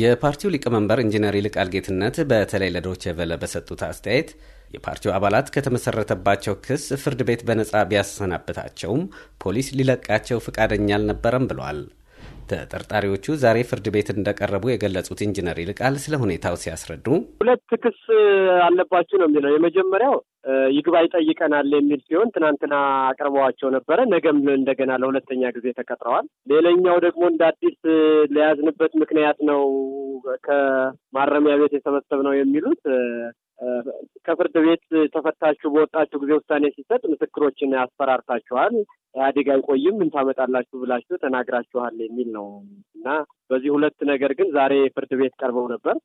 የፓርቲው ሊቀመንበር ኢንጂነር ይልቃል ጌትነት በተለይ ለዶይቼ ቬለ በሰጡት አስተያየት የፓርቲው አባላት ከተመሰረተባቸው ክስ ፍርድ ቤት በነጻ ቢያሰናብታቸውም ፖሊስ ሊለቃቸው ፈቃደኛ አልነበረም ብሏል። ተጠርጣሪዎቹ ዛሬ ፍርድ ቤት እንደቀረቡ የገለጹት ኢንጂነር ይልቃል ስለ ሁኔታው ሲያስረዱ ሁለት ክስ አለባችሁ ነው የሚለው። የመጀመሪያው ይግባኝ ጠይቀናል የሚል ሲሆን ትናንትና አቅርበዋቸው ነበረ። ነገም እንደገና ለሁለተኛ ጊዜ ተቀጥረዋል። ሌላኛው ደግሞ እንደ አዲስ ለያዝንበት ምክንያት ነው ከማረሚያ ቤት የሰበሰብ ነው የሚሉት ከፍርድ ቤት ተፈታችሁ በወጣችሁ ጊዜ ውሳኔ ሲሰጥ ምስክሮችን ያስፈራርታችኋል፣ ኢህአዴግ አይቆይም ምን ታመጣላችሁ ብላችሁ ተናግራችኋል የሚል ነው እና በዚህ ሁለት ነገር ግን ዛሬ ፍርድ ቤት ቀርበው ነበር።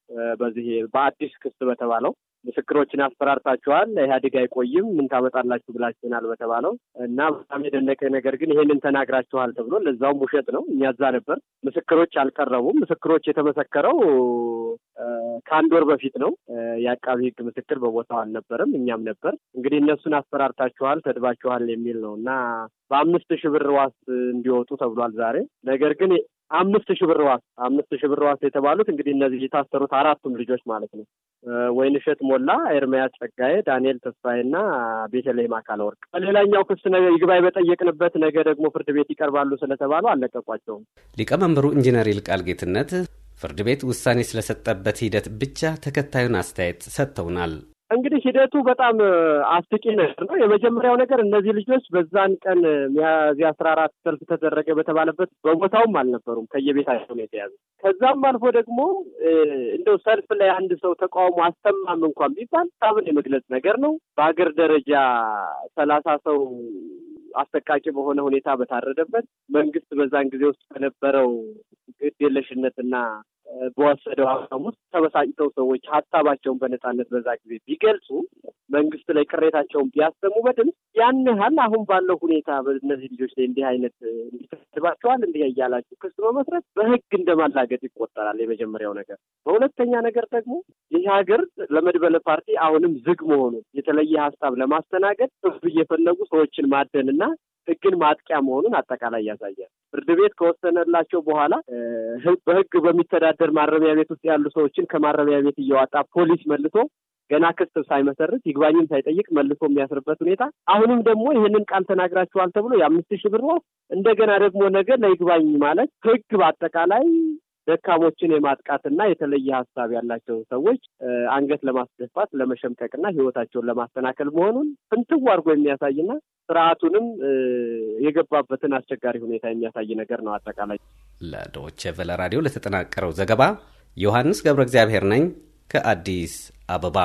በዚህ በአዲስ ክስ በተባለው ምስክሮችን ያስፈራርታችኋል፣ ኢህአዴግ አይቆይም ምን ታመጣላችሁ ብላችሁናል በተባለው እና በጣም የደነቀ ነገር ግን ይሄንን ተናግራችኋል ተብሎ ለዛውም ውሸት ነው። እኛ እዛ ነበር፣ ምስክሮች አልቀረቡም። ምስክሮች የተመሰከረው ከአንድ ወር በፊት ነው። የአቃቢ ህግ ምስክር በቦታው አልነበረም፣ እኛም ነበር። እንግዲህ እነሱን አስፈራርታችኋል፣ ተድባችኋል የሚል ነው እና በአምስት ሺህ ብር ዋስ እንዲወጡ ተብሏል ዛሬ ነገር ግን አምስት ሺህ ብር ዋስ አምስት ሺህ ብር ዋስ የተባሉት እንግዲህ እነዚህ የታሰሩት አራቱም ልጆች ማለት ነው። ወይንሸት ሞላ፣ ኤርምያስ ጸጋዬ፣ ዳንኤል ና ቤተልሔም አካል ወርቅ። በሌላኛው ክስ ይግባኝ በጠየቅንበት ነገ ደግሞ ፍርድ ቤት ይቀርባሉ ስለተባሉ አልለቀቋቸውም። ሊቀመንበሩ ኢንጂነር ይልቃል ጌትነት ፍርድ ቤት ውሳኔ ስለሰጠበት ሂደት ብቻ ተከታዩን አስተያየት ሰጥተውናል። እንግዲህ ሂደቱ በጣም አስቂ ነገር ነው። የመጀመሪያው ነገር እነዚህ ልጆች በዛን ቀን ሚያዝያ አስራ አራት ሰልፍ ተደረገ በተባለበት በቦታውም አልነበሩም፣ ከየቤታቸው ነው የተያዙ። ከዛም አልፎ ደግሞ እንደው ሰልፍ ላይ አንድ ሰው ተቃውሞ አሰማም እንኳን ቢባል ሳብን የመግለጽ ነገር ነው። በሀገር ደረጃ ሰላሳ ሰው አሰቃቂ በሆነ ሁኔታ በታረደበት መንግስት በዛን ጊዜ ውስጥ በነበረው ግድ የለሽነትና በወሰደው አቋም ውስጥ ተበሳጭተው ሰዎች ሀሳባቸውን በነፃነት በዛ ጊዜ ቢገልጹ መንግስት ላይ ቅሬታቸውን ቢያሰሙ በድምፅ ያን ያህል አሁን ባለው ሁኔታ በእነዚህ ልጆች ላይ እንዲህ አይነት እንዲተስባቸዋል እንዲህ እያላችሁ ክስ በመስረት በህግ እንደማላገጥ ይቆጠራል። የመጀመሪያው ነገር። በሁለተኛ ነገር ደግሞ ይህ ሀገር ለመድበለ ፓርቲ አሁንም ዝግ መሆኑን የተለየ ሀሳብ ለማስተናገድ ህዝብ እየፈለጉ ሰዎችን ማደንና ህግን ማጥቂያ መሆኑን አጠቃላይ ያሳያል። ፍርድ ቤት ከወሰነላቸው በኋላ በህግ በሚተዳደር ማረሚያ ቤት ውስጥ ያሉ ሰዎችን ከማረሚያ ቤት እያወጣ ፖሊስ መልሶ ገና ክስ ሳይመሰርት ይግባኝም ሳይጠይቅ መልሶ የሚያስርበት ሁኔታ አሁንም ደግሞ ይህንን ቃል ተናግራችኋል ተብሎ የአምስት ሺህ ብር እንደገና ደግሞ ነገ ለይግባኝ ማለት ህግ በአጠቃላይ ደካሞችን የማጥቃትና የተለየ ሀሳብ ያላቸው ሰዎች አንገት ለማስደፋት ለመሸምቀቅና ህይወታቸውን ለማስተናከል መሆኑን ፍንትው አድርጎ የሚያሳይና ስርዓቱንም የገባበትን አስቸጋሪ ሁኔታ የሚያሳይ ነገር ነው። አጠቃላይ ለዶች ቨለ ራዲዮ ለተጠናቀረው ዘገባ ዮሐንስ ገብረ እግዚአብሔር ነኝ ከአዲስ አበባ